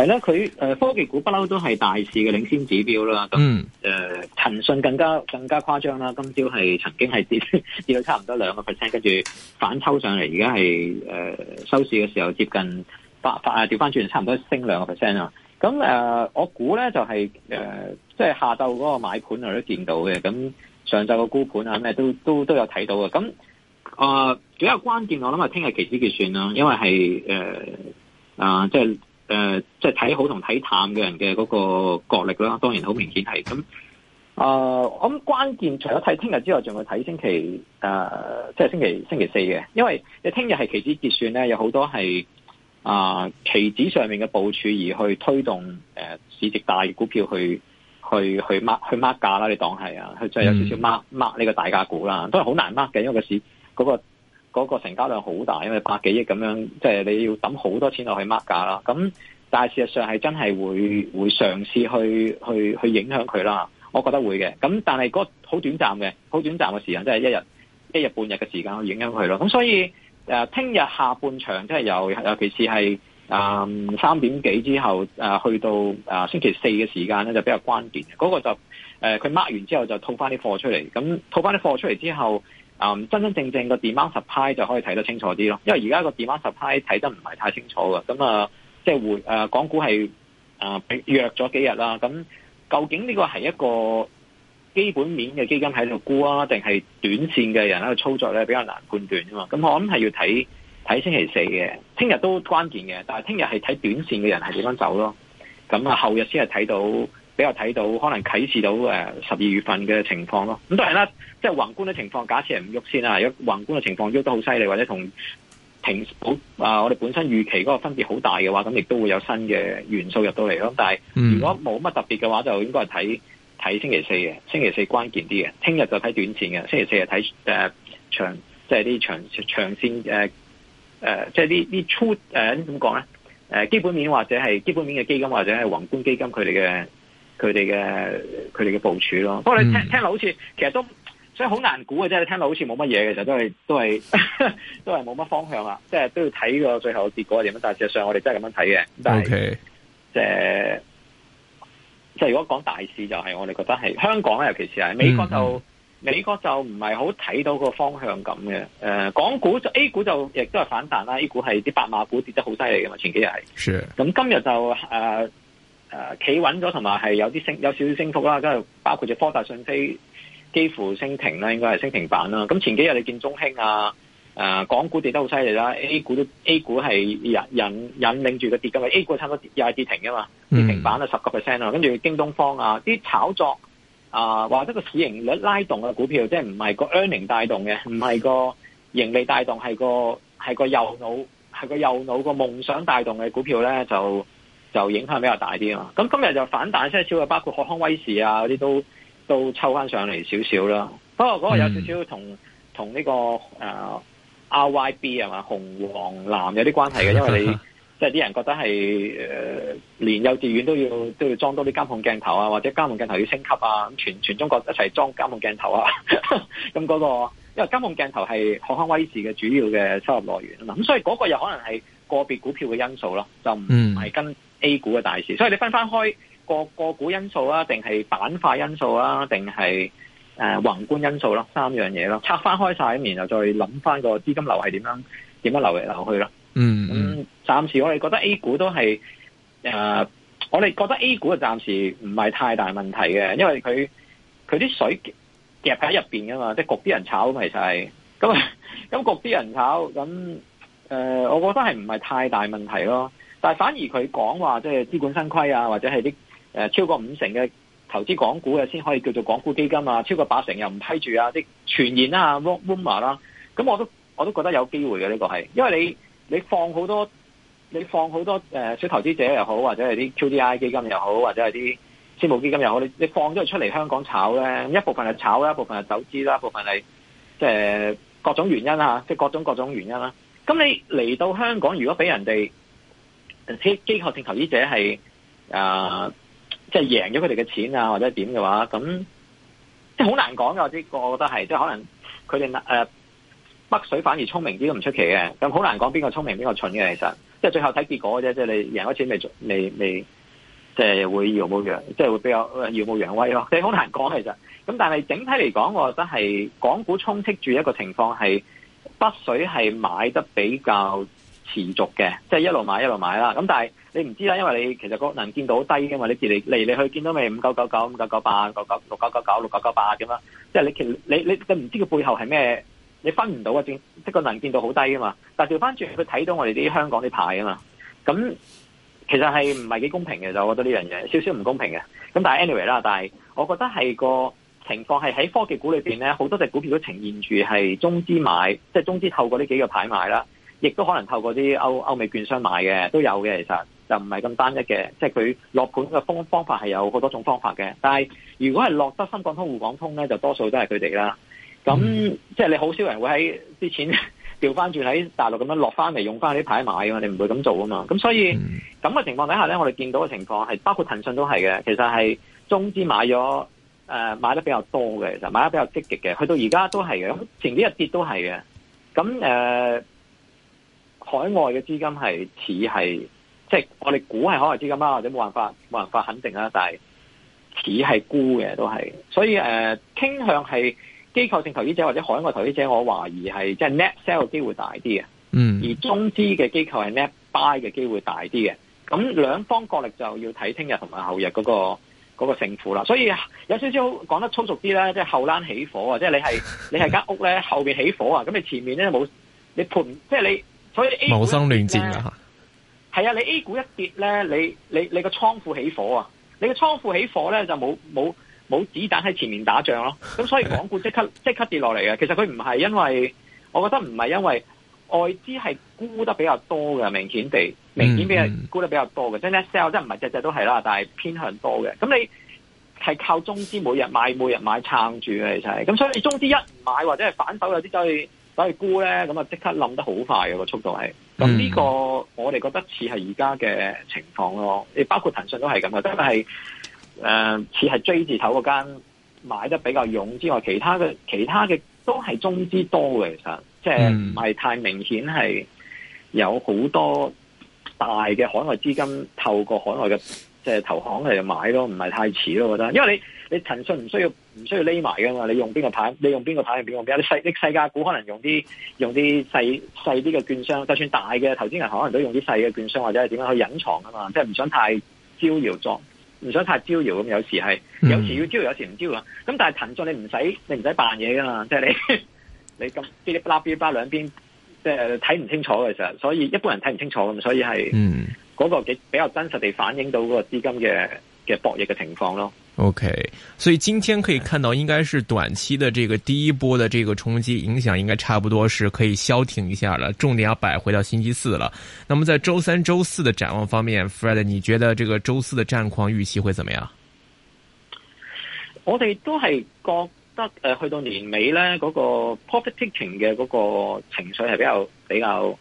係啦，佢誒科技股不嬲都係大市嘅領先指標啦。咁誒，騰、嗯、訊、呃、更加更加誇張啦。今朝係曾經係跌跌咗差唔多兩個 percent，跟住反抽上嚟，而家係誒收市嘅時候接近反反啊，調翻轉差唔多升兩個 percent 啊。咁誒、呃，我估咧就係、是、誒，即、呃、係、就是、下晝嗰個買盤我都見到嘅。咁上晝個沽盤啊，咩都都都有睇到嘅。咁啊，比、呃、較關鍵我諗係聽日期指結算啦，因為係誒啊，即、呃、係。呃就是誒、呃，即係睇好同睇淡嘅人嘅嗰個角力啦，當然好明顯係咁。誒、呃，我諗關鍵除咗睇聽日之外，仲要睇星期誒，即、呃、係、就是、星期星期四嘅，因為你聽日係期指結算咧，有好多係啊期指上面嘅部署而去推動誒、呃，市值大股票去去去 mark 去 mark 價啦，你當係啊，佢就有少少 mark mark 呢個大價股啦，都係好難 mark 嘅，因為嗰時嗰個市。那個。嗰個成交量好大，因為百幾億咁樣，即係你要抌好多錢落去 mark 價啦。咁但係事實上係真係會會嘗試去去去影響佢啦。我覺得會嘅。咁但係嗰個好短暫嘅，好短暫嘅時間，即係一日一日半日嘅時間去影響佢咯。咁所以誒，聽日下半場即係由尤其是係誒三點幾之後誒去到誒星期四嘅時間咧，就比較關鍵嗰個就誒佢 mark 完之後就套翻啲貨出嚟，咁套翻啲貨出嚟之後。嗯，真真正正個 demand supply 就可以睇得清楚啲咯，因為而家個 demand supply 睇得唔係太清楚嘅，咁啊，即係換誒港股係啊弱咗幾日啦，咁究竟呢個係一個基本面嘅基金喺度沽啊，定係短線嘅人喺度操作咧，比較難判斷啊嘛，咁我諗係要睇睇星期四嘅，聽日都關鍵嘅，但係聽日係睇短線嘅人係點樣走咯，咁啊後日先係睇到。比較睇到可能啟示到誒十二月份嘅情況咯，咁都係啦。即係宏觀嘅情況，假設係唔喐先啦。如果宏觀嘅情況喐得好犀利，或者同平好啊，呃，我哋本身預期嗰個分別好大嘅話，咁亦都會有新嘅元素入到嚟咯。但係、嗯、如果冇乜特別嘅話，就應該係睇睇星期四嘅，星期四關鍵啲嘅。聽日就睇短線嘅，星期四係睇誒長，即係啲長長線誒誒，呃，即係、呃、呢啲粗誒，點講咧？誒，基本面或者係基本面嘅基金或者係宏觀基金，佢哋嘅。佢哋嘅佢哋嘅部署咯，不過你聽、嗯、聽落好似，其實都所以好難估嘅，啫。你聽落好似冇乜嘢嘅，就都係都係都係冇乜方向啊！即係都要睇呢個最後結果係點樣，但係事實上我哋真係咁樣睇嘅。Okay. 但係即係即係如果講大市就係我哋覺得係香港咧，尤其是係美國就、嗯、美國就唔係好睇到個方向咁嘅。誒、呃，港股 A 股就亦都係反彈啦，A 股係啲白馬股跌得好犀利嘅嘛，前幾日係。咁、sure. 今日就誒。呃誒、呃，企穩咗同埋係有啲升，有少少升幅啦。即啊，包括隻科大訊飛幾乎升停啦，應該係升停板啦。咁前幾日你見中興啊，誒、呃，港股跌得好犀利啦，A 股都 A 股係引引引領住個跌噶嘛，A 股差唔多又係跌停㗎嘛，跌停板啊，十個 percent 啊。跟住京東方啊，啲炒作啊，話得個市盈率拉動嘅股票，即係唔係個 earning 帶動嘅，唔、嗯、係個盈利帶動，係個係個右腦，係個右腦個夢想帶動嘅股票咧就。就影響比較大啲啊！咁今日就反彈些少嘅，包括海康威視啊嗰啲都都抽翻上嚟少少啦。不過嗰個有少少同同呢個啊、呃、R Y B 係嘛紅黃藍有啲關係嘅，因為你即係啲人覺得係誒、呃、連幼稚園都要都要裝多啲監控鏡頭啊，或者監控鏡頭要升級啊，咁全全中國一齊裝監控鏡頭啊！咁 嗰、嗰個因為監控鏡頭係海康威視嘅主要嘅收入來源嘛，咁所以嗰個又可能係個別股票嘅因素咯，就唔係跟。嗯 A 股嘅大事，所以你分翻開個個股因素啊，定係板塊因素啊，定係誒宏觀因素咯，三樣嘢咯，拆翻開晒，然後再諗翻個資金流係點樣點樣流嚟流去咯。嗯，嗯，嗯，暫時我哋覺得 A 股都係誒、呃，我哋覺得 A 股啊暫時唔係太大問題嘅，因為佢佢啲水夾喺入邊噶嘛，即係焗啲人炒，其實係咁咁焗啲人炒，咁誒、呃，我覺得係唔係太大問題咯。但係反而佢講話，即係資管新規啊，或者係啲、呃、超過五成嘅投資港股嘅先可以叫做港股基金啊，超過八成又唔批住啊啲傳言啦、啊、rumour 啦，咁我都我都覺得有機會嘅呢個係，因為你你放好多你放好多、呃、小投資者又好，或者係啲 QDII 基金又好，或者係啲私募基金又好，你你放咗佢出嚟香港炒咧，一部分係炒啦，一部分係走資啦，一部分係即係各種原因啊，即、就、係、是、各種各種原因啦、啊。咁你嚟到香港，如果俾人哋，機構性投資者係啊，即、呃、係、就是、贏咗佢哋嘅錢啊，或者點嘅話，咁即係好難講嘅。我覺得係即係可能佢哋誒北水反而聰明啲都唔出奇嘅。咁好難講邊個聰明邊個蠢嘅。其實即係最後睇結果嘅啫。即係你贏咗錢未？未未即係會耀武揚，即、就、係、是、會比較耀武揚威咯。即係好難講其實。咁但係整體嚟講，我覺得係港股充斥住一個情況係北水係買得比較。持續嘅，即係一路買一路買啦。咁但係你唔知啦，因為你其實個能見度低嘅嘛。你自嚟嚟嚟去見到咪五九九九、五九九八、九九六九九九、六九九八咁啦。即係你其實你你你唔知佢背後係咩，你分唔到嘅。即個能見度好低嘅嘛。但調翻轉佢睇到我哋啲香港啲牌啊嘛。咁其實係唔係幾公平嘅？就我覺得呢樣嘢少少唔公平嘅。咁但係 anyway 啦，但係我覺得係個情況係喺科技股裏邊咧，好多隻股票都呈現住係中資買，即係中資透過呢幾個牌買啦。亦都可能透過啲歐歐美券商買嘅，都有嘅，其實就唔係咁單一嘅，即係佢落盤嘅方方法係有好多種方法嘅。但係如果係落得深港通、滬港通咧，就多數都係佢哋啦。咁、mm. 即係你好少人會喺啲錢調翻轉喺大陸咁樣落翻嚟用翻啲牌買嘅，嘛你唔會咁做啊嘛。咁所以咁嘅、mm. 情況底下咧，我哋見到嘅情況係包括騰訊都係嘅，其實係中資買咗、呃、買得比較多嘅，其實買得比較積極嘅，去到而家都係嘅，前幾日跌都係嘅。咁海外嘅資金係似係，即係我哋估係海外資金啦，或者冇辦法冇辦法肯定啦，但係似係沽嘅都係，所以誒傾向係機構性投資者或者海外投資者，我懷疑係即係 net sell 嘅機會大啲嘅，嗯，而中資嘅機構係 net buy 嘅機會大啲嘅，咁兩方角力就要睇聽日同埋後日嗰個嗰個勝負啦。所以有少少講得粗俗啲咧，即係後欄起火啊！即係你係你係間屋咧後面起火啊，咁你前面咧冇你盤，即係你。所以 A 股無心亂戰噶、啊、吓，係啊！你 A 股一跌咧，你你你個倉庫起火啊！你個倉庫起火咧，就冇冇冇子彈喺前面打仗咯。咁 所以港股即刻即刻跌落嚟嘅。其實佢唔係因為，我覺得唔係因為外資係沽得比較多嘅，明顯地明顯比較沽得比較多嘅。即係 net sell 即係唔係只只都係啦，但係偏向多嘅。咁你係靠中資每日買每日買撐住嘅其實係。咁、就是、所以你中資一唔買或者係反手有啲走所以沽咧咁啊，即刻冧得好快嘅個速度係。咁呢個我哋覺得似係而家嘅情況咯，亦包括騰訊都係咁嘅。但係誒，似係 J 字頭嗰間買得比較勇之外，其他嘅其他嘅都係中資多嘅，其實即係唔係太明顯係有好多大嘅海外資金透過海外嘅即係投行嚟買咯，唔係太似咯，我覺得，因為你。你騰訊唔需要唔需要匿埋噶嘛？你用邊個牌？你用邊個牌係邊個牌？邊有細啲細價股可能用啲用啲細細啲嘅券商，就算大嘅投資銀行可能都用啲細嘅券商或者係點樣去隱藏啊嘛？即係唔想太招搖作，唔想太招搖咁。有時係有時要招搖，有時唔招搖啊。咁但係騰訊你唔使你唔使扮嘢噶嘛？即係你你咁噼里啪啦噼里啪兩邊，即係睇唔清楚嘅時候，所以一般人睇唔清楚咁，所以係嗰個幾比較真實地反映到嗰個資金嘅嘅博弈嘅情況咯。OK，所以今天可以看到，應該是短期的這個第一波的這個衝擊影響，應該差不多是可以消停一下了。重點要擺回到星期四了。那麼在周三、周四的展望方面，Fred，你覺得這個周四的戰況預期會怎麼樣？我哋都係覺得，誒、呃，去到年尾呢，嗰、嗰個 profit taking 嘅嗰個情緒係比較比較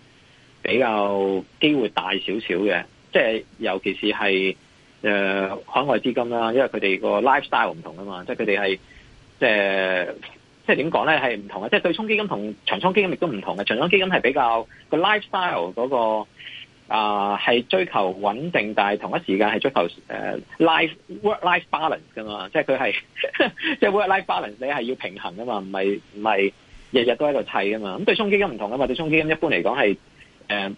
比較機會大少少嘅，即係尤其是係。誒、呃、海外資金啦，因為佢哋個 lifestyle 唔同啊嘛，即係佢哋係即係即係點講咧係唔同嘅。即係對沖基金同長倉基金亦都唔同嘅。長倉基金係比較個 lifestyle 嗰、那個啊，係、呃、追求穩定，但係同一時間係追求、呃、life work life balance 噶嘛。即係佢係即係 work life balance，你係要平衡啊嘛，唔係唔係日日都喺度砌噶嘛。咁對沖基金唔同啊嘛，對沖基金一般嚟講係誒，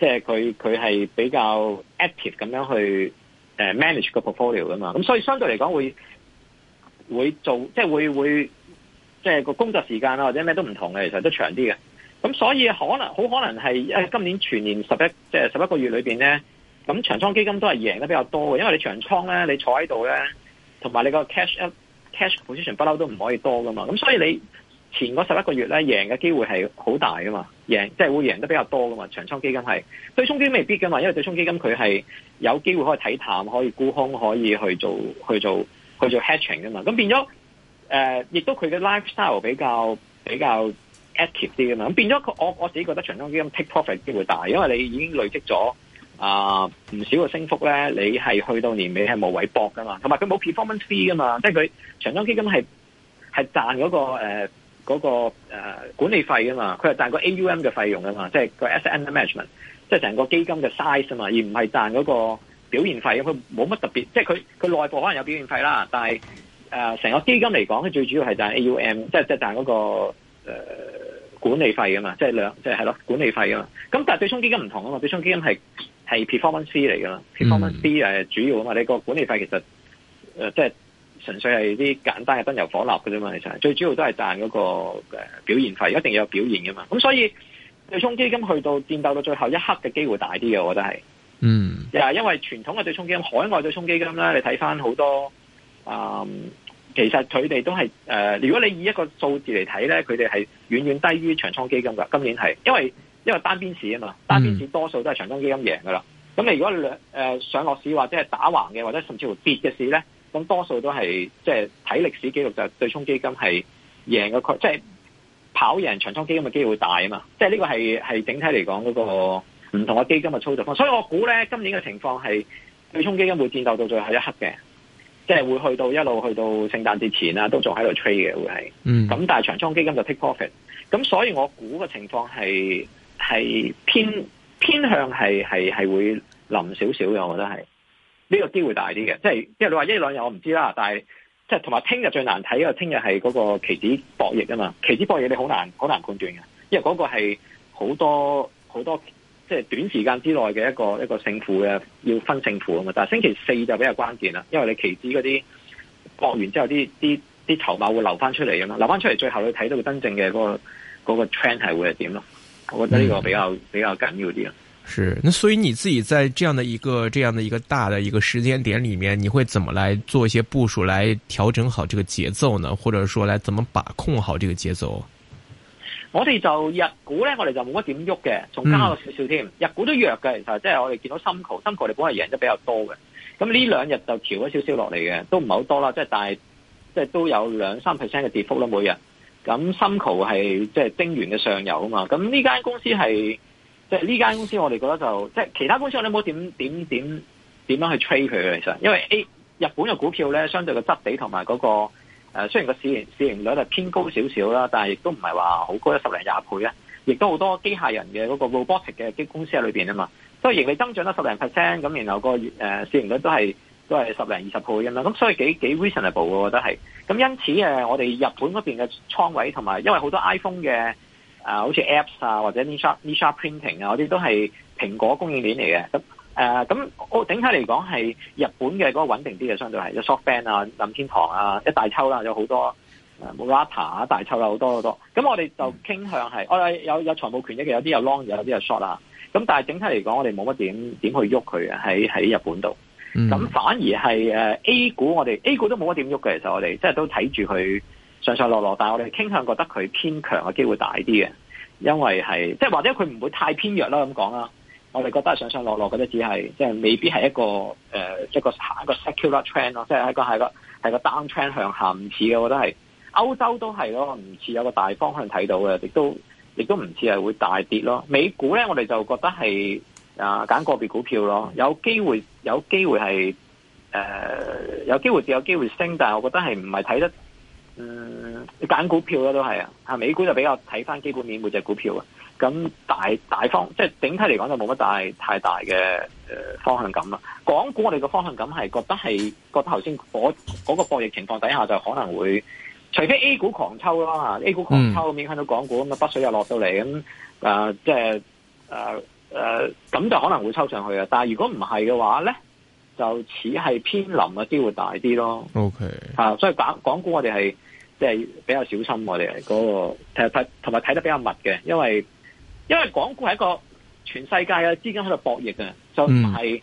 即係佢佢係比較 active 咁樣去。誒 manage 個 portfolio 噶嘛，咁所以相對嚟講會會做，即係會會即係個工作時間啊，或者咩都唔同嘅，其實都長啲嘅。咁所以可能好可能係今年全年十一即係十一個月裏面咧，咁長倉基金都係贏得比較多嘅，因為你長倉咧你坐喺度咧，同埋你個 cash cash position 不嬲都唔可以多噶嘛，咁所以你。前嗰十一個月咧，贏嘅機會係好大噶嘛，贏即係、就是、會贏得比較多噶嘛。長倉基金係對沖基金未必噶嘛，因為對沖基金佢係有機會可以睇淡，可以沽空，可以去做去做去做 hatching 噶嘛。咁變咗誒，亦、呃、都佢嘅 lifestyle 比較比較 active 啲噶嘛。咁變咗我我自己覺得長倉基金 take profit 機會大，因為你已經累積咗啊唔少嘅升幅咧，你係去到年尾係冇位搏噶嘛。同埋佢冇 performance fee 噶嘛，即係佢長倉基金係賺嗰、那個、呃嗰、那個、呃、管理費啊嘛，佢係賺個 AUM 嘅費用啊嘛，即係個 asset under management，即係成個基金嘅 size 啊嘛，而唔係賺嗰個表現費嘛。佢冇乜特別，即係佢佢內部可能有表現費啦，但係誒成個基金嚟講，最主要係賺 AUM，即係即係賺嗰、那個、呃、管理費啊嘛，即係兩即係係咯管理費啊嘛。咁但係對沖基金唔同啊嘛，對沖基金係係 performance C 嚟噶嘛 performance C 係主要啊嘛，你個管理費其實、呃、即係。純粹係啲簡單嘅燈油火蠟嘅啫嘛，其實最主要都係賺嗰個表現費，一定要有表現嘅嘛。咁所以對沖基金去到戰鬥到最後一刻嘅機會大啲嘅，我覺得係。嗯，又、yeah, 係因為傳統嘅對沖基金、海外對沖基金咧，你睇翻好多，嗯，其實佢哋都係誒、呃。如果你以一個數字嚟睇咧，佢哋係遠遠低於長倉基金嘅。今年係因為因為單邊市啊嘛，單邊市多數都係長倉基金贏嘅啦。咁、嗯、你如果兩誒、呃、上落市或者係打橫嘅，或者甚至乎跌嘅市咧？咁多數都係即係睇歷史記錄就沖，就對沖基金係贏嘅，即係跑贏長倉基金嘅機會大啊嘛！即係呢個係係整體嚟講嗰個唔同嘅基金嘅操作方，所以我估咧今年嘅情況係對沖基金會戰鬥到最後一刻嘅，即係會去到一路去到聖誕節前啦，都仲喺度 trade 嘅會係。嗯。咁但係長倉基金就 take profit，咁所以我估嘅情況係係偏偏向係係係會冧少少嘅，我覺得係。呢、這個機會大啲嘅，即係即係你話一兩日我唔知啦，但係即係同埋聽日最難睇嘅，聽日係嗰個期指博弈啊嘛，期指博弈你好難好難判斷嘅，因為嗰個係好多好多即係短時間之內嘅一個一個勝負嘅，要分勝負啊嘛。但係星期四就比較關鍵啦，因為你期指嗰啲搏完之後的，啲啲啲籌碼會留翻出嚟噶嘛，留翻出嚟最後你睇到真正嘅嗰、那個那個 trend 係會係點咯？我覺得呢個比較、嗯、比較緊要啲啊。是，那所以你自己在這樣的一個這樣的一個大的一個時間點裏面，你會怎麼來做一些部署，來調整好這個節奏呢？或者說來怎麼把控好這個節奏？我哋就日股咧，我哋就冇乜點喐嘅，仲加咗少少添。日股都弱嘅，其實即係我哋見到深球，深球我哋本係贏得比較多嘅。咁呢兩日就調咗少少落嚟嘅，都唔係好多啦，即係大即係都有兩三 percent 嘅跌幅啦，每日。咁深球係即係晶圓嘅上游啊嘛，咁呢間公司係。即係呢間公司，我哋覺得就即係其他公司我，我哋冇點點點點樣去 trade 佢嘅其實，因為 A 日本嘅股票咧，相對質、那個質地同埋嗰個誒，雖然個市盈市盈率係偏高少少啦，但係亦都唔係話好高，一十零廿倍咧，亦都好多機械人嘅嗰個 robotic 嘅啲公司喺裏面啊嘛，所以盈利增長咗十零 percent 咁，然後、那個誒、呃、市盈率都係都係十零二十倍咁嘛。咁所以幾幾 reasonable 我覺得係，咁因此誒、呃，我哋日本嗰邊嘅倉位同埋，因為好多 iPhone 嘅。啊，好似 Apps 啊，或者 Nissha Nissha Printing 啊，嗰啲都係蘋果供應鏈嚟嘅。咁咁我整體嚟講係日本嘅嗰個穩定啲嘅，相對係，有 Softbank 啊，任天堂啊，一大抽啦、啊，有好多、呃、Murata 啊，大抽啦好多好多。咁我哋就傾向係，我、哦、有有財務權益嘅，有啲有 Long，有啲有 Short 啦、啊。咁但係整體嚟講，我哋冇乜點點去喐佢喺喺日本度。咁、嗯、反而係 A 股，我哋 A 股都冇乜點喐嘅。其實我哋即係都睇住佢。上上落落，但係我哋傾向覺得佢偏強嘅機會大啲嘅，因為係即係或者佢唔會太偏弱啦咁講啦。我哋覺得係上上落落的，覺得只係即係未必係一個誒，即係個下一個 secular trend 咯，即係一個係個係個 down trend 向下唔似嘅。我覺得係歐洲都係咯，唔似有一個大方向睇到嘅，亦都亦都唔似係會大跌咯。美股咧，我哋就覺得係啊揀個別股票咯，有機會有機會係誒、呃、有機會有機會升，但係我覺得係唔係睇得。嗯，你揀股票都係啊，啊美股就比較睇翻基本面每隻股票啊，咁大大方，即係整體嚟講就冇乜大太大嘅誒、呃、方向感啦。港股我哋嘅方向感係覺得係，覺得頭先嗰嗰個博弈情況底下就可能會，除非 A 股狂抽啦、啊、，A 股狂抽咁影響到港股咁啊，北水又落到嚟咁，誒、啊、即係誒誒咁就可能會抽上去，但係如果唔係嘅話咧，就似係偏臨嘅機會大啲咯。O K，吓，所以港港股我哋係。即、就、係、是、比較小心我哋嗰、那個，同埋睇得比較密嘅，因為因為港股係一個全世界嘅資金喺度博弈啊，就唔係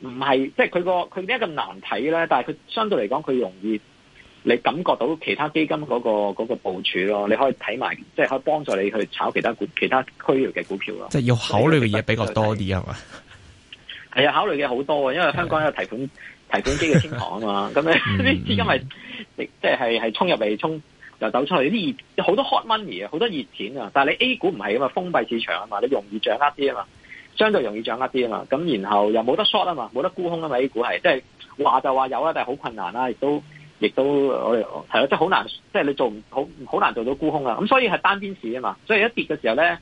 唔係即係佢、那個佢呢一個難睇咧，但係佢相對嚟講佢容易你感覺到其他基金嗰、那個嗰、那個部署咯，你可以睇埋，即係可以幫助你去炒其他股、其他區域嘅股票咯。即係要考慮嘅嘢比較多啲係嘛？係啊，考慮嘅好多啊，因為香港有提款。提款機嘅天堂啊嘛，咁你啲資金係即係係係衝入嚟，衝、就是、又走出去，啲熱好多 hot money 啊，好多熱錢啊，但係你 A 股唔係噶嘛，封閉市場啊嘛，你容易掌握啲啊嘛，相對容易掌握啲啊嘛，咁然後又冇得 short 啊嘛，冇得沽空啊嘛、mm.，A 股係即係話就話有啦，但係好困難啦、啊，亦都亦都我哋係咯，即係好難，即、就、係、是、你做唔好，好難做到沽空啊，咁所以係單邊市啊嘛，所以一跌嘅時候咧，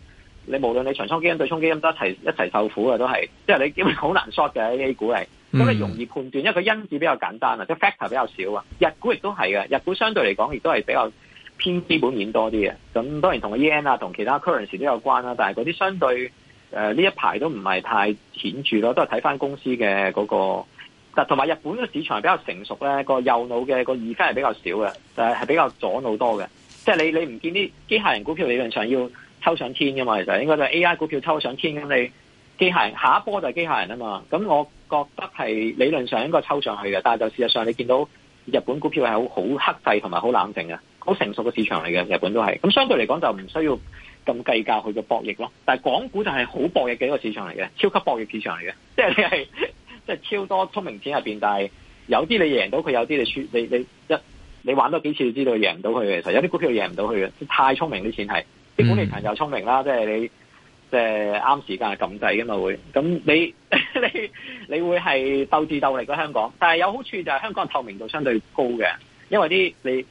你無論你長倉基金對沖基金都一齊一齊受苦啊，都係，即、就、係、是、你好難 short 嘅 A 股係。咁你容易判斷，因為個因子比較簡單啊，即係 factor 比較少啊。日股亦都係嘅，日股相對嚟講亦都係比較偏基本面多啲嘅。咁當然同個 yen 啊，同其他 currency 都有關啦。但係嗰啲相對誒呢、呃、一排都唔係太顯著咯，都係睇翻公司嘅嗰、那個。但同埋日本嘅市場比較成熟咧，個右腦嘅個 effect 係比較少嘅，誒係比較左腦多嘅。即係你你唔見啲機械人股票理論上要抽上天㗎嘛？其實應該就係 AI 股票抽上天咁，你機械人下一波就係機械人啊嘛。咁我。覺得係理論上應該抽上去嘅，但係就事實上你見到日本股票係好好克制同埋好冷靜嘅，好成熟嘅市場嚟嘅，日本都係。咁相對嚟講就唔需要咁計較佢嘅博弈咯。但係港股就係好博弈嘅一個市場嚟嘅，超級博弈市場嚟嘅，即係你係即係超多聰明錢入邊，但係有啲你贏到佢，有啲你輸你你一你玩多幾次你知道你贏唔到佢嘅，其實有啲股票贏唔到佢嘅，即太聰明啲錢係啲股朋友聰明啦、嗯，即係你。即係啱時間係撳制嘅嘛，會，咁你你你會係鬥智鬥力嘅，香港，但係有好處就係香港透明度相對高嘅，因為啲你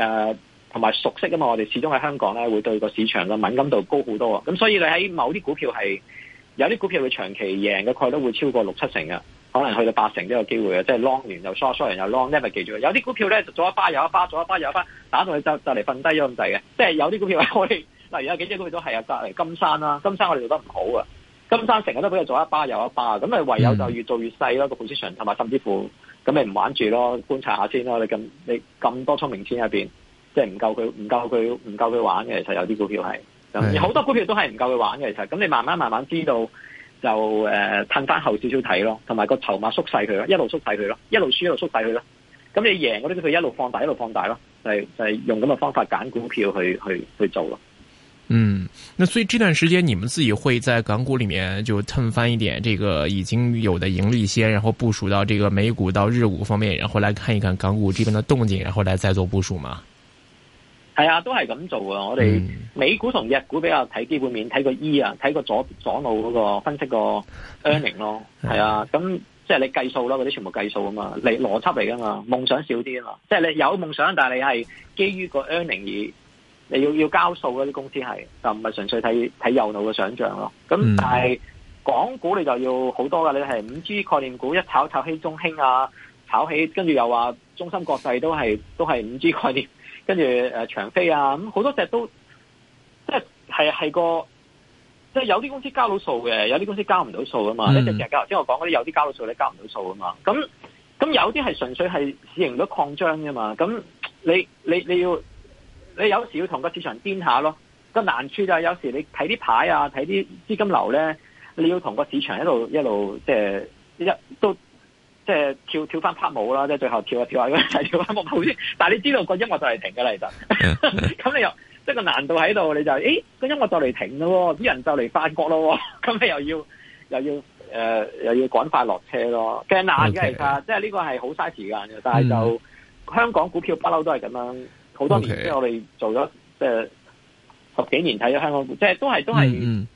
誒同埋熟悉啊嘛，我哋始終喺香港咧會對個市場嘅敏感度高好多啊，咁所以你喺某啲股票係有啲股票會長期贏嘅概率會超過六七成嘅，可能去到八成都有機會嘅。即係 long 完又 short short 完又 long，呢咪記住，有啲股票咧左一巴又一巴左一巴又一巴打到佢就就嚟瞓低咗咁滯嘅，即係有啲股票係可以。嗱，而家幾隻股票都係啊，隔籬金山啦、啊。金山我哋做得唔好啊。金山成日都俾佢做一巴又一巴，咁咪唯有就越做越細咯。個、mm. position 同埋甚至乎咁你唔玩住咯，觀察下先咯。你咁你咁多聰明錢入邊，即係唔夠佢唔夠佢唔夠佢玩嘅，其實有啲股票係。Mm. 而好多股票都係唔夠佢玩嘅，其實咁你慢慢慢慢知道就誒褪返後少少睇咯，同埋個籌碼縮細佢咯，一路縮細佢咯，一路輸一路縮細佢咯。咁你贏嗰啲佢一路放大一路放大咯，就係、是、就係、是、用咁嘅方法揀股票去去去做咯。嗯，那所以這段時間你們自己會在港股裏面就趁翻一點這個已經有的盈利先，然後部署到這個美股到日股方面，然後來看一看港股這邊的動靜，然後來再做部署嗎？係啊，都係咁做啊。我哋美股同日股比較睇基本面，睇、嗯、個 E 啊，睇個左左腦嗰個分析個 earning 咯。係、嗯、啊，咁即係你計數咯，嗰啲全部計數啊嘛，你邏輯嚟噶嘛，夢想少啲啊嘛，即係你有夢想，但係你係基於個 earning 而。你要要交數嗰啲公司係，就唔係純粹睇睇右腦嘅想象咯。咁但係港股你就要好多噶，你係五 G 概念股一炒炒起中興啊，炒起跟住又話中芯國際都係都係五 G 概念，跟住誒、呃、長飛啊，咁好多隻都即係係個，即、就、係、是、有啲公司交到數嘅，有啲公司交唔到數啊嘛。一隻隻交，頭先我講嗰啲有啲交到數，你交唔到數啊嘛。咁咁有啲係純粹係市盈率擴張㗎嘛。咁你你你要。你有時要同個市場癲下咯，個難處就係有時你睇啲牌啊，睇啲資金流咧，你要同個市場一路一路即係一都即係跳跳翻拍舞啦，即係最後跳下跳下嗰陣跳翻拍舞先。但係你知道個音樂就嚟停㗎啦，其實咁你又即係個難度喺度，你就咦，個、欸、音樂就嚟停咯，啲人就嚟發覺咯，咁你又要又要誒、呃、又要趕快落車咯，勁難嘅其實，即係呢個係好嘥時間嘅，但係就、嗯、香港股票不嬲都係咁樣。好多年即係、okay. 我哋做咗即係十幾年睇咗香港股，即係都係都係嗯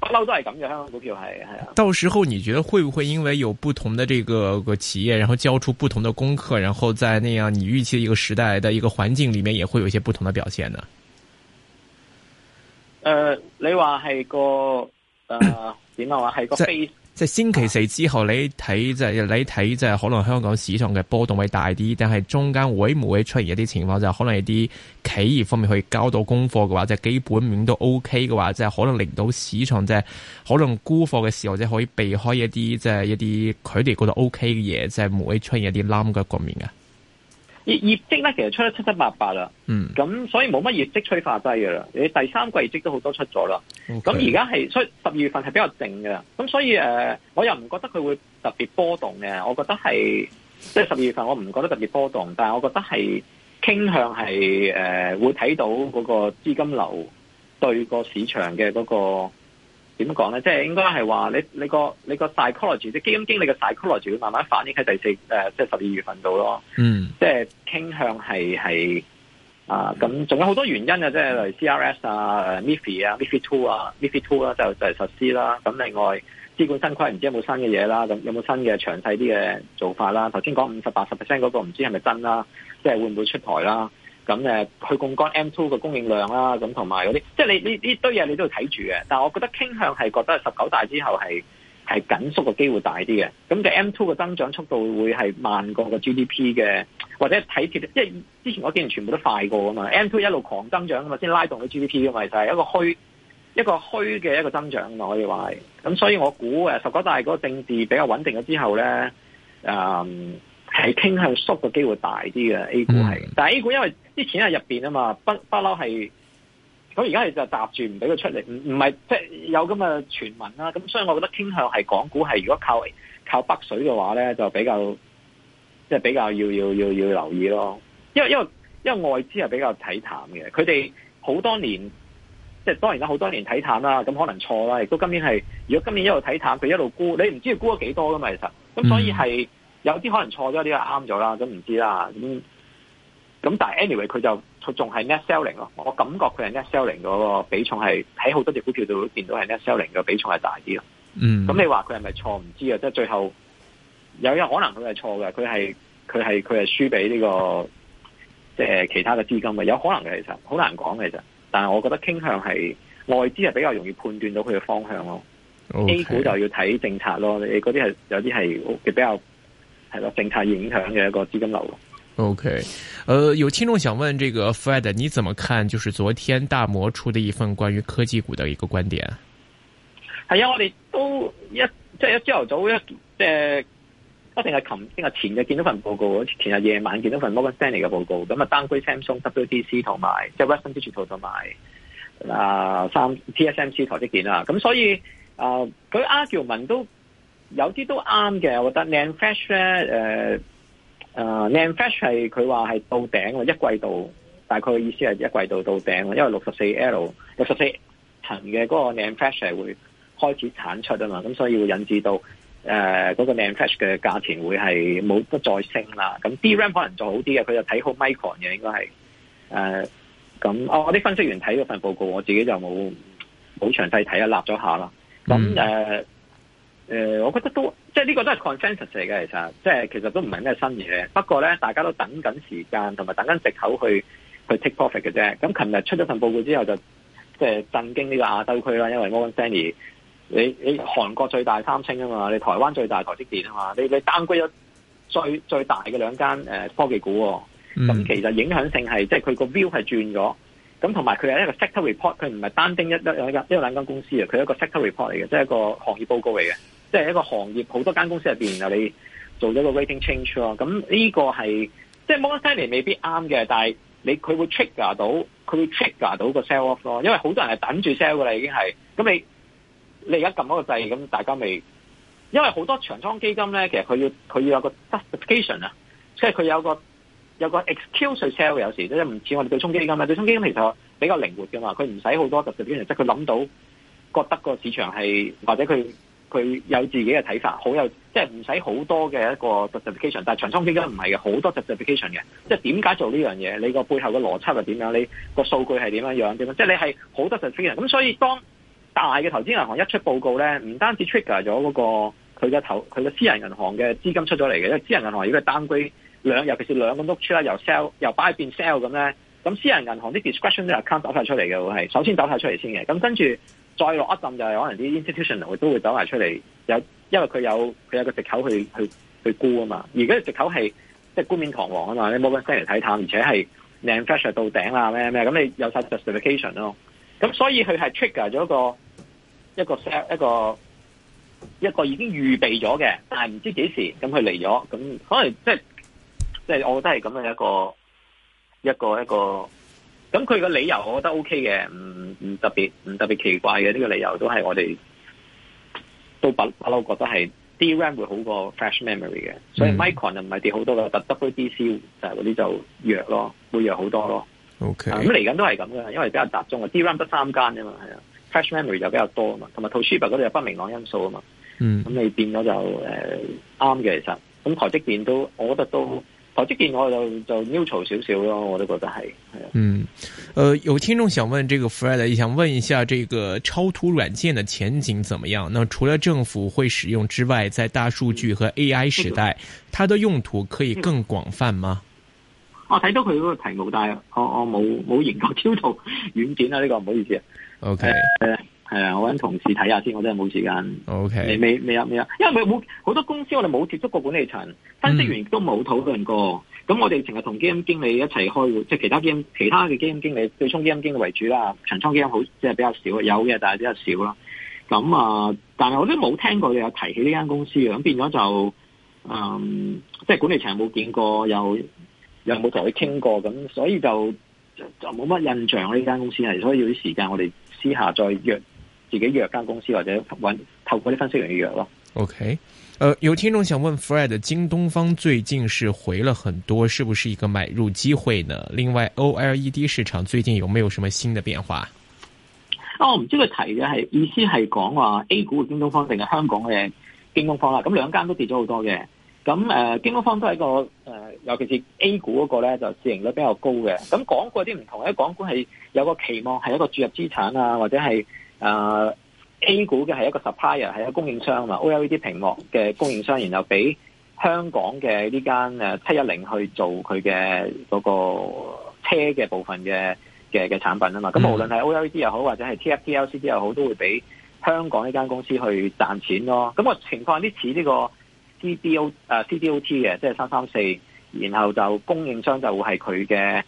不嬲都係咁嘅香港股票係係啊！到時候你覺得會不會因為有不同的這個、個企業，然後交出不同的功課，然後在那樣你預期的一個時代的一個環境裏面，也會有一些不同的表現呢？誒、呃，你話係個誒點啊？話、呃、係 個非？ 即係星期四之後，你睇即係你睇即係可能香港市場嘅波動會大啲，但係中間會唔會出現一啲情況，就係可能有啲企業方面可以交到功課嘅話，即係基本面都 OK 嘅話，即係可能令到市場即係可能沽貨嘅時候，即係可以避開一啲即係一啲佢哋覺得 OK 嘅嘢，即係唔會出現一啲冧嘅局面？業業績咧，其實出得七七八八啦，咁、嗯、所以冇乜業績催化劑噶啦。你第三季業績都好多出咗啦，咁而家係，所以十二月份係比較靜嘅，咁所以誒、呃，我又唔覺得佢會特別波動嘅。我覺得係即係十二月份，我唔覺得特別波動，但係我覺得係傾向係誒、呃、會睇到嗰個資金流對個市場嘅嗰、那個。點講咧，即係應該係話你你個你個 psychology 即基金經理嘅 psychology 會慢慢反映喺第四誒、呃、即係十二月份度咯，嗯、mm.，即係傾向係係啊咁，仲、呃、有好多原因啊，即係例如 C R S 啊、Miffy 啊、Miffy Two 啊、Miffy Two 啦就是、就係、是、實施啦，咁另外資管新規唔知有冇新嘅嘢啦，咁有冇新嘅詳細啲嘅做法啦？頭先講五十八十 percent 嗰個唔知係咪真啦，即係會唔會出台啦？咁去槓桿 M2 嘅供應量啦，咁同埋嗰啲，即係你呢呢堆嘢你都要睇住嘅。但係我覺得傾向係覺得十九大之後係係緊縮嘅機會大啲嘅。咁就 M2 嘅增長速度會係慢過個 GDP 嘅，或者睇實，即係之前我見完全部都快過啊嘛。M2 一路狂增長啊嘛，先拉動啲 GDP 啊嘛，就係、是、一個虛一個虛嘅一個增長嘛。可以話係。咁所以我估誒十九大嗰個政治比較穩定咗之後咧，um, 係傾向縮嘅機會大啲嘅，A 股係、嗯，但係 A 股因為啲錢喺入邊啊嘛，是是不不嬲係，咁而家係就搭住唔俾佢出嚟，唔唔係即係有咁嘅傳聞啦。咁所以我覺得傾向係港股係如果靠靠北水嘅話咧，就比較即係、就是、比較要要要要留意咯。因為因為因為外資係比較睇淡嘅，佢哋好多年即係當然啦，好多年睇淡啦，咁可能錯啦。亦都今年係如果今年一路睇淡，佢一路沽，你唔知佢沽咗幾多㗎嘛？其實咁所以係。嗯有啲可能錯咗，啲個啱咗啦，咁唔知啦。咁、嗯、咁但係 anyway 佢就仲係 net selling 咯。我感覺佢係 net selling 嗰個比重係喺好多隻股票度都見到係 net selling 嘅比重係大啲咯。咁、嗯、你話佢係咪錯唔知啊？即、就、係、是、最後有有可能佢係錯嘅，佢係佢係佢係輸俾呢、這個即係、就是、其他嘅資金嘅。有可能嘅，其實好難講嘅，其實但係我覺得傾向係外資係比較容易判斷到佢嘅方向咯。Okay. A 股就要睇政策咯。你嗰啲係有啲係比較係咯，政策影響嘅一個資金流。O K，誒，有聽眾想問，這個 Fred，你怎麼看？就是昨天大摩出的一份關於科技股的一個觀點。係啊，我哋都一即係、就是、一朝頭早一，即係一定係琴，定係前日見到份報告。前日夜晚見到份 Morgan Stanley 嘅報告，咁啊，單區 Samsung、W T C 同埋即係 Western Digital 同埋啊三 T S M C 台積電啊。咁、呃、所以啊，佢、呃、argument 都。有啲都啱嘅，我覺得呢。NAND Flash 咧，誒，NAND Flash 係佢話係到頂喎，一季度大概嘅意思係一季度到頂喎，因為六十四 L、六十四層嘅嗰個 NAND Flash 係會開始產出啊嘛，咁所以會引致到誒嗰、呃那個 NAND Flash 嘅價錢會係冇得再升啦。咁 DRAM 可能做好啲嘅，佢就睇好 Micron 嘅應該係誒咁。我啲分析員睇嗰份報告，我自己就冇好詳細睇一立咗下啦。咁誒。嗯呃誒、嗯，我覺得都即係呢個都係 consensus 嚟嘅，其實即係其實都唔係咩新嘢。不過咧，大家都等緊時間同埋等緊藉口去去 take profit 嘅啫。咁琴日出咗份報告之後就，就即、是、係震驚呢個亞洲區啦。因為 Morgan Stanley，你你韓國最大三星啊嘛，你台灣最大台積電啊嘛，你你單歸咗最最大嘅兩間科技股、哦、咁、mm。其實影響性係即係佢個 view 係轉咗。咁同埋佢係一個 sector report，佢唔係單丁一一兩間一,一,一兩間公司啊，佢係一個 sector report 嚟嘅，即係一個行業報告嚟嘅。即係一個行業，好多間公司入邊，然後你做咗個 rating change 咯。咁呢個係即係 Montgomery 未必啱嘅，但係你佢會 trigger 到，佢會 trigger 到個 sell off 咯。因為好多人係等住 sell 噶啦，已經係咁你你而家撳嗰個掣，咁大家未，因為好多長倉基金咧，其實佢要佢要有個 justification 啊，即係佢有個有個 excuse 去 sell 有時，即係唔似我哋對沖基金。對沖基金其實比較靈活噶嘛，佢唔使好多 justification 即係佢諗到覺得個市場係或者佢。佢有自己嘅睇法，好有即係唔使好多嘅一個特質 ication，但係長莊基金唔係嘅，好多特質 ication 嘅，即係點解做呢樣嘢？你個背後嘅邏輯係點樣？你個數據係點樣樣？點樣？即係你係好多特質 ication。咁所以當大嘅投資銀行一出報告咧，唔單止 trigger 咗嗰個佢嘅投佢嘅私人銀行嘅資金出咗嚟嘅，因為私人銀行要嘅 d o w n 兩，尤其是兩個 note 出啦，由 sell 由 buy 變 sell 咁咧，咁私人銀行啲 d i s c r e t i o n 都係 can o 打晒出嚟嘅，會係首先打晒出嚟先嘅，咁跟住。再落一浸就係可能啲 institutional 都會走埋出嚟，有因為佢有佢有一個藉口去去去沽啊嘛。而家嘅藉口係即係冠冕堂皇啊嘛，你冇乜聲嚟睇探，而且係 name pressure 到頂什麼什麼啦、咩咩，咁你有晒 justification 咯。咁所以佢係 trigger 咗一個一個 set 一個一個已經預備咗嘅，但係唔知幾時咁佢嚟咗，咁可能即係即係我覺得係咁樣一個一個一個。一個一個咁佢個理由，我覺得 OK 嘅，唔唔特別唔特別奇怪嘅。呢、這個理由都係我哋都不不嬲覺得係 DRAM 會好過 Flash Memory 嘅，嗯，所以 Micron 就唔係跌好多啦。但 WDC 就嗰啲就弱咯，會弱好多咯。OK，咁嚟緊都係咁嘅，因為比較集中啊。DRAM 得三間啫嘛，係啊，Flash Memory 就比較多啊嘛，同埋 Toshiba 嗰度有不明朗因素啊嘛。嗯，咁你變咗就啱嘅，呃、其實。咁台積電都，我覺得都。投即見我就就 neutral 少少咯，我都覺得係係啊。嗯，誒、呃，有聽眾想問，這個 Freddie 想問一下，這個超圖軟件的前景怎麼樣？那除了政府會使用之外，在大數據和 AI 時代，它的用途可以更廣泛嗎？嗯嗯、我睇到佢嗰個題目，但係我我冇冇研究超圖軟件啊？呢、這個唔好意思啊。OK、嗯。係啊，我揾同事睇下先看看，我真係冇時間。O K，你未未有未有，因為我冇好多公司，我哋冇接觸過管理層、分析員都冇討論過，咁、嗯、我哋成日同基金經理一齊開會，即係其他基金、其他嘅基金經理對沖基金經理為主啦，長倉基金好即係、就是、比較少，有嘅但係比較少啦咁啊，但係我都冇聽過你有提起呢間公司咁變咗就嗯，即、就、係、是、管理層冇見過，又又冇同佢傾過，咁所以就就冇乜印象呢間公司係，所以要啲時間我哋私下再約。自己約間公司或者透過啲分析員去約咯。OK，誒、呃，有聽眾想問 Fred，京東方最近是回了很多，是不是一個買入機會呢？另外，OLED 市場最近有沒有什麼新的變化？啊、哦，我唔知佢提嘅係意思係講話 A 股嘅京東方定係香港嘅京東方啦？咁兩間都跌咗好多嘅。咁誒、呃，京東方都係一個誒、呃，尤其是 A 股嗰個咧就市盈率比較高嘅。咁港股有啲唔同，喺港股係有個期望係一個注入資產啊，或者係。啊、uh，A 股嘅係一個 supplier，係一個供應商啊嘛，OLED 屏幕嘅供應商，然後俾香港嘅呢間誒七一零去做佢嘅嗰個車嘅部分嘅嘅嘅產品啊嘛，咁無論係 OLED 又好，或者係 TFT LCD 又好，都會俾香港呢間公司去賺錢咯。咁、那個情況啲似呢個 CDO 誒 CDOT 嘅、呃，即係三三四，就是、334，然後就供應商就會係佢嘅。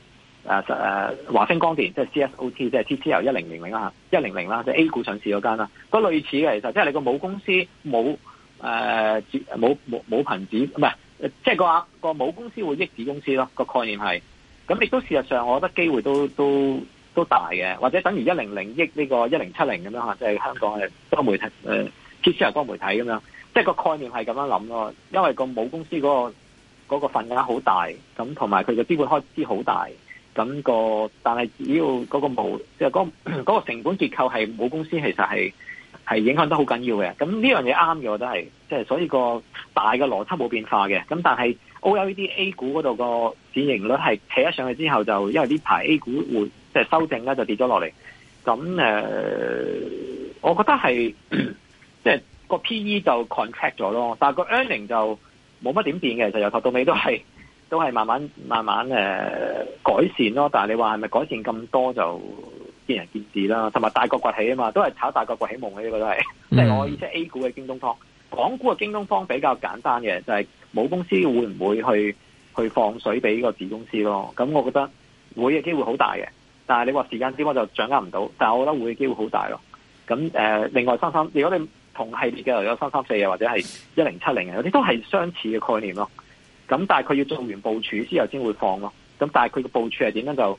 誒實誒華星光電即係 CSOT，即係 TCL 一零零零啊，一零零啦，即係 A 股上市嗰間啦，個類似嘅其實即係你個母公司冇誒冇冇冇憑紙唔係，即係、嗰個、嗰個母公司會益子公司咯，嗰個概念係咁，亦都事實上，我覺得機會都都都大嘅，或者等於一零零億呢個一零七零咁樣嚇，即係香港嘅多媒體誒 TCL 多媒體咁樣，即係、呃、個概念係咁樣諗咯，因為嗰個母公司嗰、嗰個嗰個份額好大，咁同埋佢嘅資本開支好大。咁、那個，但係只要嗰個冇，即係嗰個、那個成本結構係冇公司，其實係係影響得好緊要嘅。咁呢樣嘢啱嘅，我都係，即、就、係、是、所以個大嘅邏輯冇變化嘅。咁但係 O L E D A 股嗰度個市盈率係企咗上去之後就，就因為呢排 A 股會即係、就是、修正啦，就跌咗落嚟。咁誒、呃，我覺得係即係個 P E 就 contract 咗咯，但係個 earnings 就冇乜點變嘅，就由頭到尾都係。都係慢慢慢慢誒、呃、改善咯，但你話係咪改善咁多就見仁見智啦。同埋大國崛起啊嘛，都係炒大國崛起夢氣，呢個都係。即、嗯、係、就是、我意思，A 股嘅京東方、港股嘅京東方比較簡單嘅，就係、是、母公司會唔會去去放水俾個子公司咯？咁我覺得會嘅機會好大嘅。但係你話時間點我就掌握唔到，但係我覺得會嘅機會好大咯。咁、呃、誒，另外三三，如果你同系列嘅有三三四啊，或者係一零七零啊，有啲都係相似嘅概念咯。咁但係佢要做完部署之後先會放咯，咁但係佢個部署係點樣就，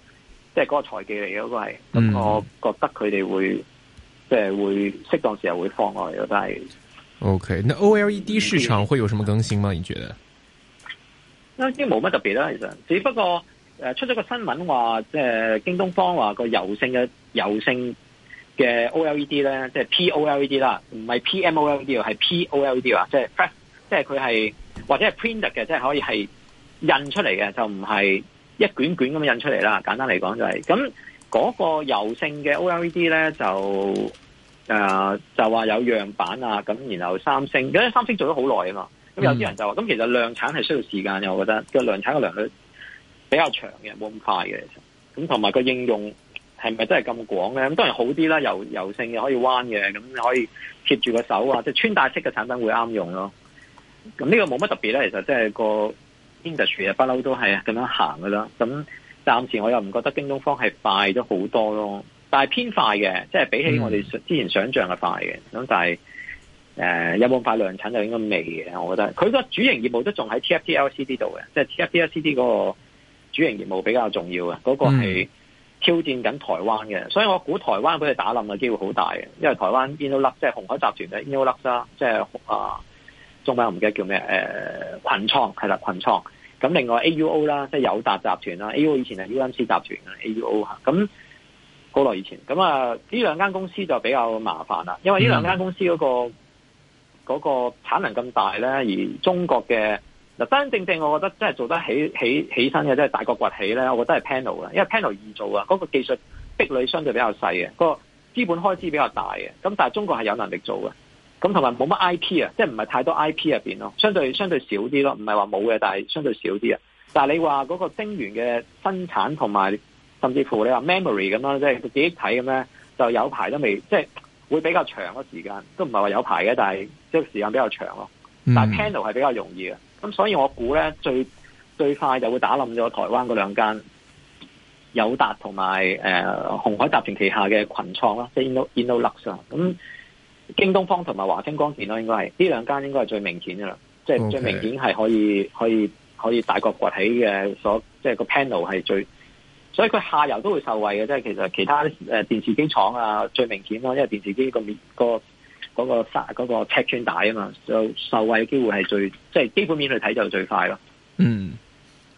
即係嗰個財技嚟嘅嗰個係，咁、嗯、我覺得佢哋會，即係會適當時候會放落去咯，但係，O K，那 O L E D 市場會有什麼更新嗎？嗯、你覺得？啱先冇乜特別啦，其實只不過誒出咗個新聞話，即係京東方話個柔性嘅柔性嘅 O L E D 咧，即係 P O L E D 啦，唔係 P M O L E D 啊，係 P O L E D 啊，即係 f e 即係佢係。就是或者係 printer 嘅，即係可以係印出嚟嘅，就唔係一卷卷咁印出嚟啦。簡單嚟講就係、是、咁，嗰個柔性嘅 OLED 咧就誒、呃、就話有樣板啊，咁然後三星，因為三星做咗好耐啊嘛，咁有啲人就話咁其實量產係需要時間嘅，我覺得，即量產嘅量率比較長嘅，冇咁快嘅。咁同埋個應用係咪真係咁廣咧？咁當然好啲啦，柔柔性嘅可以彎嘅，咁可以貼住個手啊，即係穿戴式嘅產品會啱用咯。咁、這、呢個冇乜特別咧，其實即係個 industry 啊，不嬲都係咁樣行噶啦。咁暫時我又唔覺得京東方係快咗好多咯，但係偏快嘅，即係比起我哋之前想象嘅快嘅。咁但係誒、呃，有冇快量產就應該未嘅。我覺得佢個主營業務都仲喺 TFTLCD 度嘅，即、就、係、是、TFTLCD 嗰個主營業務比較重要嘅，嗰、那個係挑戰緊台灣嘅。所以我估台灣俾佢打冧嘅機會好大嘅，因為台灣 Innolux 即係紅海集團嘅 Innolux 啦，即係啊。中間我唔記得叫咩誒，群創係啦，群創。咁另外 A U O 啦，即係友達集團啦，A U O 以前係 U N C 集團啊，A U O 吓，咁好耐以前，咁啊呢兩間公司就比較麻煩啦，因為呢兩間公司嗰個嗰個產能咁大咧，而中國嘅嗱，真真正正我覺得真係做得起起起身嘅，即係大國崛起咧，我覺得係 panel 啊，因為 panel 易做啊，嗰個技術壁壘相對比較細嘅，個資本開支比較大嘅，咁但係中國係有能力做嘅。咁同埋冇乜 IP 啊，即係唔係太多 IP 入邊咯，相對相對少啲咯，唔係話冇嘅，但係相對少啲啊。但係你話嗰個晶圓嘅生產同埋，甚至乎你話 memory 咁啦，即係自己睇咁咧，就有排都未，即係會比較長嘅時間，都唔係話有排嘅，但係即係時間比較長咯。但係 panel 係比較容易嘅，咁所以我估咧最最快就會打冧咗台灣嗰兩間友達同埋誒鴻海集團旗下嘅群創啦 Inno Inno Lux 啊、嗯，咁。京東方同埋華星光電咯，應該係呢兩間應該係最明顯噶啦，okay. 即係最明顯係可以可以可以大國崛起嘅，所即係個 panel 係最，所以佢下游都會受惠嘅，即係其實其他誒電視機廠啊，最明顯咯，因為電視機、那個面、那個嗰個沙個尺寸大啊嘛，就受惠嘅機會係最，即係基本面嚟睇就最快咯。嗯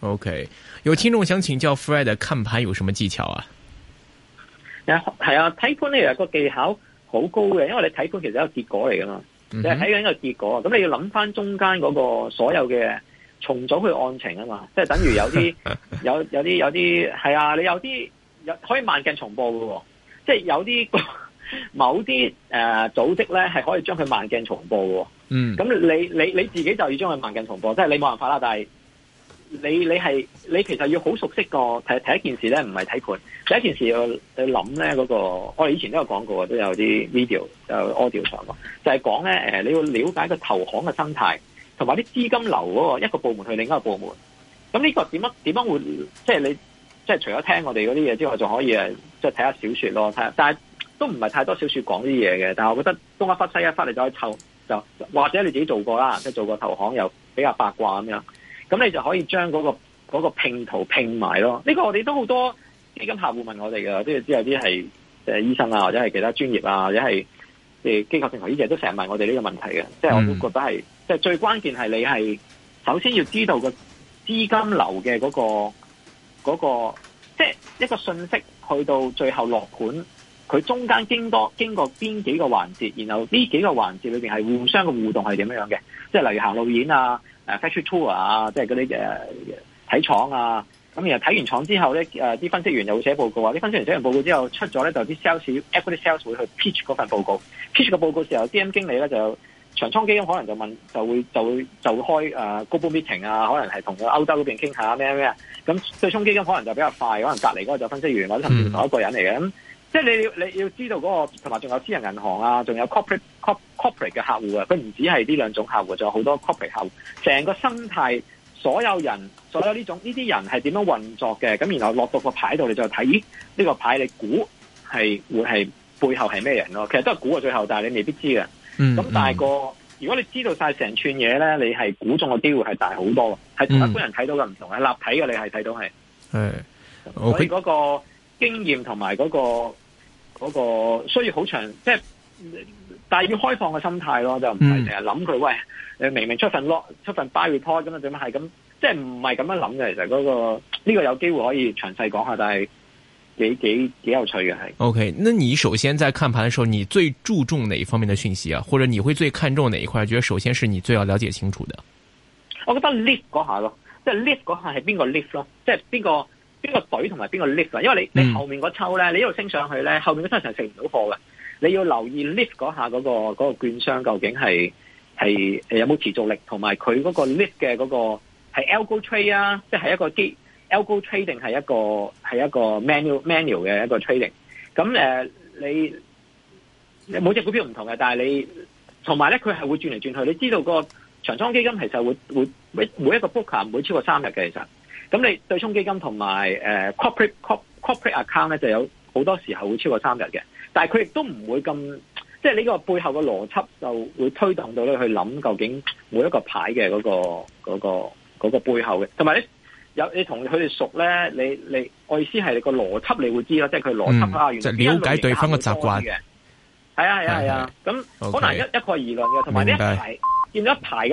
，OK，有聽眾想請教 Fred 看盤有什麼技巧啊？係、嗯、啊，睇盤呢有個技巧。好高嘅，因為你睇股其實一個結果嚟㗎嘛，你係睇緊個結果，咁你要諗返中間嗰個所有嘅重組佢案情啊嘛，即係等於有啲 有有啲有啲係啊，你有啲有，有，有，有，有可以慢鏡重播㗎喎、哦，即係有啲某啲誒、呃、組織咧係可以將佢慢鏡重播喎、哦，嗯、mm -hmm.，咁你你你自己就要將佢慢鏡重播，即、就、係、是、你冇辦法啦，但係。你你係你其實要好熟悉個睇睇一件事咧，唔係睇盤。第一件事要諗諗咧，嗰個我哋以前都有講過，都有啲 video 有 audio 上咯，就係講咧誒，你要了解個投行嘅生態，同埋啲資金流嗰個一個部門去另一個部門。咁呢個點乜點樣會即係你即係除咗聽我哋嗰啲嘢之外，仲可以誒，即係睇下小說咯。睇但係都唔係太多小說講啲嘢嘅。但係我覺得東一忽西一忽嚟，再湊就，或者你自己做過啦，即係做個投行又比較八卦咁樣。咁你就可以將嗰個嗰個拼圖拼埋咯。呢個我哋都好多基金客戶問我哋嘅，即係之後啲係醫生啊，或者係其他專業啊，或者係誒機構平台，啲嘢都成日問我哋呢個問題嘅。即係我都覺得係、嗯，即係最關鍵係你係首先要知道個資金流嘅嗰個嗰個即係一個信息去到最後落盤，佢中間經過經過邊幾個環節，然後呢幾個環節裏面係互相嘅互動係點樣樣嘅？即係例如行路演啊。誒 factory tour 啊，即係嗰啲誒睇廠啊，咁然後睇完廠之後咧，誒、啊、啲、啊、分析員又會寫報告啊，啲分析員寫完報告之後出咗咧，就啲 sales，equity sales 會去 pitch 嗰份報告，pitch 份、嗯、報告時候，啲 M 經理咧就長倉基金可能就問，就會就，就會就開開 global meeting 啊，可能係同個歐洲嗰邊傾下咩咩啊，咁對沖基金可能就比較快，可能隔離嗰個就分析員或者甚至同一個人嚟嘅咁。嗯。即係你要你要知道嗰個，同埋仲有私人銀行啊，仲有 corporate cor, corporate 嘅客戶啊，佢唔止係呢兩種客戶，仲有好多 corporate 客戶，成個生態，所有人，所有呢種呢啲人係點樣運作嘅，咁然後落到個牌度，你再睇咦，呢個牌你，你估係會係背後係咩人咯？其實都係估嘅，最後，但係你未必知嘅。嗯。咁但係個，如果你知道晒成串嘢咧，你係估中嘅機會係大好多，係同一般人睇到嘅唔同，係、嗯、立體嘅，你係睇到係。係。Okay. 所以嗰個。經驗同埋嗰個嗰、那個需要好長，即係帶住開放嘅心態咯，就唔係成日諗佢喂，誒，明明出份 l o c k 出份 buy report 咁樣點樣係咁，即係唔係咁樣諗嘅。其實嗰、那個呢、這個有機會可以詳細講下，但係幾幾幾有趣嘅係。O、okay, K，那你首先在看盤嘅時候，你最注重哪一方面嘅訊息啊？或者你會最看重哪一塊？覺得首先是你最要了解清楚嘅。我覺得 lift 嗰下咯，即係 lift 嗰下係邊個 lift 咯，即係邊個。邊個隊同埋邊個 lift 啊？因為你你後面嗰抽咧，你一路升上去咧，後面嗰抽成食唔到貨嘅。你要留意 lift 嗰下嗰、嗰個嗰、嗰個券商究竟係係有冇持續力，同埋佢嗰個 lift 嘅嗰、嗰個係 algo trade 啊，即係一個啲 algo trading 係一個係一個 manual manual 嘅一個 trading。咁、呃、誒，你每隻股票唔同嘅，但係你同埋咧，佢係會轉嚟轉去。你知道個長倉基金其實會會每每一個 book 下唔會超過三日嘅，其實。咁你對沖基金同埋誒 corporate corporate account 咧，就有好多時候會超過三日嘅，但係佢亦都唔會咁，即係呢個背後嘅邏輯就會推動到你去諗究竟每一個牌嘅嗰個嗰個嗰個背後嘅，同埋咧有你同佢哋熟咧，你呢你，你我意思係你個邏輯你會知啦，即係佢邏輯啦、嗯，就了解對方嘅習慣嘅，係啊係啊係啊，咁可能一一概而論嘅，同埋呢一排見到一排嘅。